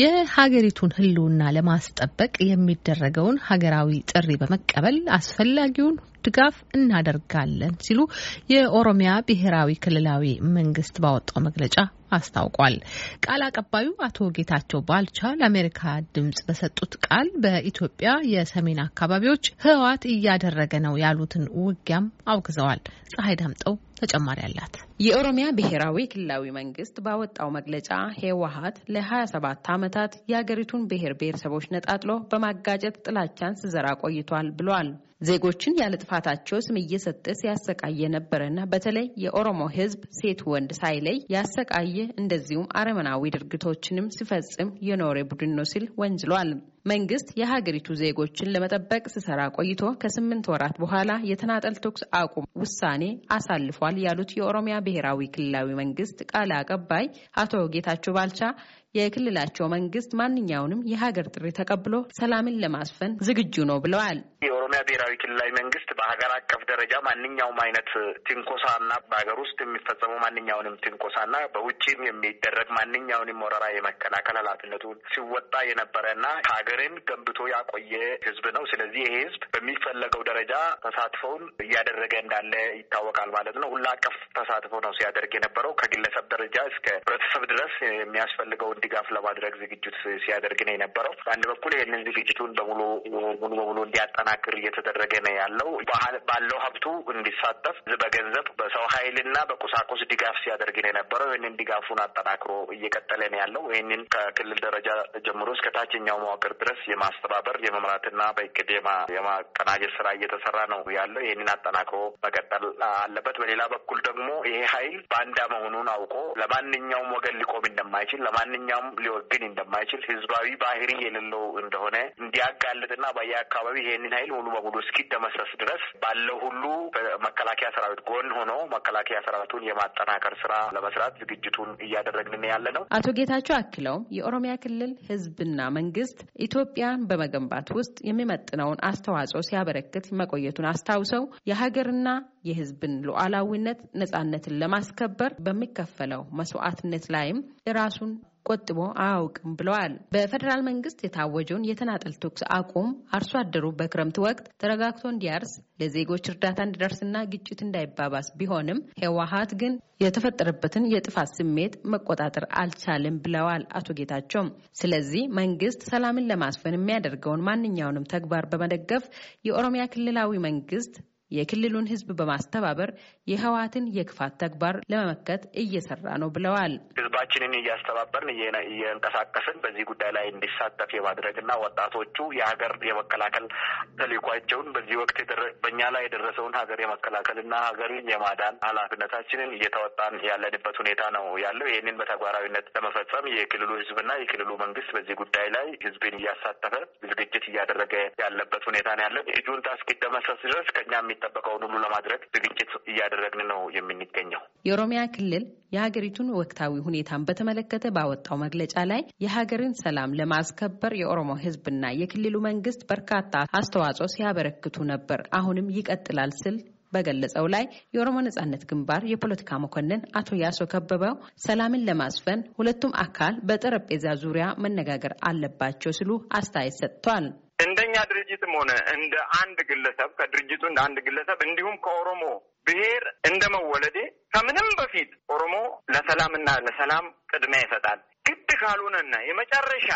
የሀገሪቱን ሕልውና ለማስጠበቅ የሚደረገውን ሀገራዊ ጥሪ በመቀበል አስፈላጊውን ድጋፍ እናደርጋለን ሲሉ የኦሮሚያ ብሔራዊ ክልላዊ መንግስት ባወጣው መግለጫ አስታውቋል። ቃል አቀባዩ አቶ ጌታቸው ባልቻ ለአሜሪካ ድምጽ በሰጡት ቃል በኢትዮጵያ የሰሜን አካባቢዎች ህወሓት እያደረገ ነው ያሉትን ውጊያም አውግዘዋል። ፀሐይ ዳምጠው ተጨማሪ አላት። የኦሮሚያ ብሔራዊ ክልላዊ መንግስት ባወጣው መግለጫ ህወሓት ለ27 ዓመታት የአገሪቱን ብሔር ብሔረሰቦች ነጣጥሎ በማጋጨት ጥላቻን ስዘራ ቆይቷል ብሏል። ዜጎችን ያለ ጥፋታቸው ስም እየሰጠ ሲያሰቃየ የነበረና በተለይ የኦሮሞ ሕዝብ ሴት ወንድ ሳይለይ ያሰቃየ እንደዚሁም አረመናዊ ድርጊቶችንም ሲፈጽም የኖረ ቡድን ነው ሲል ወንጅሏል። መንግስት የሀገሪቱ ዜጎችን ለመጠበቅ ሲሰራ ቆይቶ ከስምንት ወራት በኋላ የተናጠል ተኩስ አቁም ውሳኔ አሳልፏል ያሉት የኦሮሚያ ብሔራዊ ክልላዊ መንግስት ቃል አቀባይ አቶ ጌታቸው ባልቻ የክልላቸው መንግስት ማንኛውንም የሀገር ጥሪ ተቀብሎ ሰላምን ለማስፈን ዝግጁ ነው ብለዋል። የኦሮሚያ ብሔራዊ ክልላዊ መንግስት በሀገር አቀፍ ደረጃ ማንኛውም አይነት ትንኮሳና በሀገር ውስጥ የሚፈጸሙ ማንኛውንም ትንኮሳና በውጭም የሚደረግ ማንኛውንም ወረራ የመከላከል ኃላፊነቱን ሲወጣ የነበረና ሀገርን ገንብቶ ያቆየ ህዝብ ነው። ስለዚህ ይህ ህዝብ በሚፈለገው ደረጃ ተሳትፎውን እያደረገ እንዳለ ይታወቃል ማለት ነው። ሁላ አቀፍ ተሳትፎ ነው ሲያደርግ የነበረው ከግለሰብ ደረጃ እስከ ህብረተሰብ ድረስ የሚያስፈልገውን ድጋፍ ለማድረግ ዝግጅት ሲያደርግ ነው የነበረው። በአንድ በኩል ይህንን ዝግጅቱን በሙሉ ሙሉ በሙሉ እንዲያጠናክር እየተደረገ ነው ያለው። ባለው ሀብቱ እንዲሳተፍ በገንዘብ በሰው ኃይልና በቁሳቁስ ድጋፍ ሲያደርግ ነው የነበረው። ይህንን ድጋፉን አጠናክሮ እየቀጠለ ነው ያለው። ይህንን ከክልል ደረጃ ጀምሮ እስከ ታችኛው መዋቅር ድረስ የማስተባበር የመምራትና በእቅድ የማ የማቀናጀት ስራ እየተሰራ ነው ያለው። ይህንን አጠናክሮ መቀጠል አለበት። በሌላ በኩል ደግሞ ይሄ ኃይል ባንዳ መሆኑን አውቆ ለማንኛውም ወገን ሊቆም እንደማይችል፣ ለማንኛውም ሊወግን እንደማይችል፣ ህዝባዊ ባህሪ የሌለው እንደሆነ እንዲያጋልጥና በየአካባቢ ይሄንን ኃይል ሙሉ በሙሉ እስኪደመሰስ ድረስ ባለው ሁሉ መከላከያ ሰራዊት ጎን ሆኖ መከላከያ ሰራዊቱን የማጠናከር ስራ ለመስራት ዝግጅቱን እያደረግን ያለ ነው። አቶ ጌታቸው አክለውም የኦሮሚያ ክልል ህዝብና መንግስት ኢትዮጵያን በመገንባት ውስጥ የሚመጥነውን አስተዋጽኦ ሲያበረክት መቆየቱን አስታውሰው የሀገርና የሕዝብን ሉዓላዊነት ነጻነትን ለማስከበር በሚከፈለው መስዋዕትነት ላይም የራሱን ቆጥቦ አያውቅም ብለዋል። በፌዴራል መንግስት የታወጀውን የተናጠል ተኩስ አቁም አርሶ አደሩ በክረምት ወቅት ተረጋግቶ እንዲያርስ ለዜጎች እርዳታ እንዲደርስና ግጭት እንዳይባባስ ቢሆንም ህወሀት ግን የተፈጠረበትን የጥፋት ስሜት መቆጣጠር አልቻልም ብለዋል አቶ ጌታቸው። ስለዚህ መንግስት ሰላምን ለማስፈን የሚያደርገውን ማንኛውንም ተግባር በመደገፍ የኦሮሚያ ክልላዊ መንግስት የክልሉን ህዝብ በማስተባበር የህወሓትን የክፋት ተግባር ለመመከት እየሰራ ነው ብለዋል። ህዝባችንን እያስተባበርን እየንቀሳቀስን በዚህ ጉዳይ ላይ እንዲሳተፍ የማድረግና ወጣቶቹ የሀገር የመከላከል ተልዕኳቸውን በዚህ ወቅት በእኛ ላይ የደረሰውን ሀገር የመከላከልና ሀገርን የማዳን ኃላፊነታችንን እየተወጣን ያለንበት ሁኔታ ነው ያለው። ይህንን በተግባራዊነት ለመፈጸም የክልሉ ህዝብና የክልሉ መንግስት በዚህ ጉዳይ ላይ ህዝብን እያሳተፈ ዝግጅት እያደረገ ያለበት ሁኔታ ነው ያለው። ጁንታ እስኪደመሰስ ድረስ ከኛ የሚጠበቀውን ሁሉ ለማድረግ ዝግጅት እያደረግን ነው የምንገኘው። የኦሮሚያ ክልል የሀገሪቱን ወቅታዊ ሁኔታን በተመለከተ ባወጣው መግለጫ ላይ የሀገርን ሰላም ለማስከበር የኦሮሞ ሕዝብና የክልሉ መንግስት በርካታ አስተዋጽኦ ሲያበረክቱ ነበር፣ አሁንም ይቀጥላል ስል በገለጸው ላይ የኦሮሞ ነጻነት ግንባር የፖለቲካ መኮንን አቶ ያሶ ከበበው ሰላምን ለማስፈን ሁለቱም አካል በጠረጴዛ ዙሪያ መነጋገር አለባቸው ሲሉ አስተያየት ሰጥቷል። እንደ ድርጅትም ሆነ እንደ አንድ ግለሰብ ከድርጅቱ እንደ አንድ ግለሰብ እንዲሁም ከኦሮሞ ብሔር እንደ መወለዴ ከምንም በፊት ኦሮሞ ለሰላምና ለሰላም ቅድሚያ ይሰጣል። ግድ ካልሆነና የመጨረሻ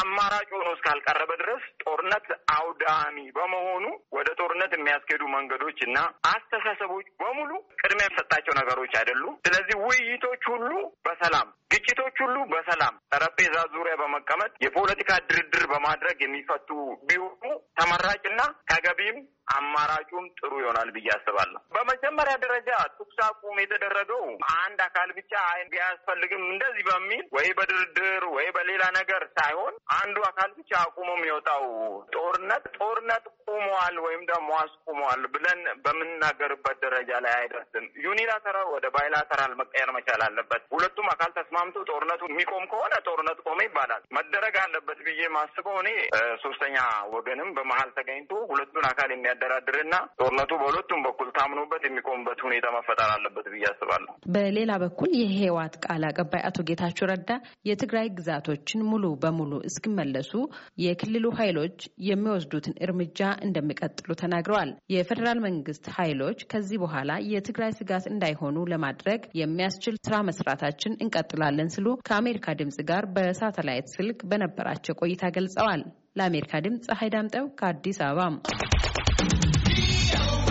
አማራጭ ሆኖ እስካልቀረበ ድረስ ጦርነት አውዳሚ በመሆኑ ወደ ጦርነት የሚያስኬዱ መንገዶች እና አስተሳሰቦች በሙሉ ቅድሚያ የሚሰጣቸው ነገሮች አይደሉም። ስለዚህ ውይይቶች ሁሉ በሰላም ግጭቶች ሁሉ በሰላም ጠረጴዛ ዙሪያ በመቀመጥ የፖለቲካ ድርድር በማድረግ የሚፈቱ ቢሆኑ ተመራጭና ከገቢም። አማራጩም ጥሩ ይሆናል ብዬ አስባለሁ። በመጀመሪያ ደረጃ ተኩስ አቁም የተደረገው አንድ አካል ብቻ ቢያስፈልግም እንደዚህ በሚል ወይ በድርድር ወይ በሌላ ነገር ሳይሆን አንዱ አካል ብቻ አቁሞ የሚወጣው ጦርነት ጦርነት ቁመዋል ወይም ደግሞ አስቁመዋል ብለን በምንናገርበት ደረጃ ላይ አይደርስም። ዩኒላተራል ወደ ባይላተራል መቀየር መቻል አለበት። ሁለቱም አካል ተስማምቶ ጦርነቱ የሚቆም ከሆነ ጦርነት ቆመ ይባላል። መደረግ አለበት ብዬ ማስበው እኔ ሶስተኛ ወገንም በመሀል ተገኝቶ ሁለቱን አካል የሚያ የሚያደራድርና ጦርነቱ በሁለቱም በኩል ታምኖበት የሚቆምበት ሁኔታ መፈጠር አለበት ብዬ አስባለሁ። በሌላ በኩል የህወሓት ቃል አቀባይ አቶ ጌታቸው ረዳ የትግራይ ግዛቶችን ሙሉ በሙሉ እስኪመለሱ የክልሉ ኃይሎች የሚወስዱትን እርምጃ እንደሚቀጥሉ ተናግረዋል። የፌዴራል መንግስት ኃይሎች ከዚህ በኋላ የትግራይ ስጋት እንዳይሆኑ ለማድረግ የሚያስችል ስራ መስራታችን እንቀጥላለን ሲሉ ከአሜሪካ ድምጽ ጋር በሳተላይት ስልክ በነበራቸው ቆይታ ገልጸዋል። ለአሜሪካ ድምፅ ፀሐይ ዳምጠው ከአዲስ አበባ the Show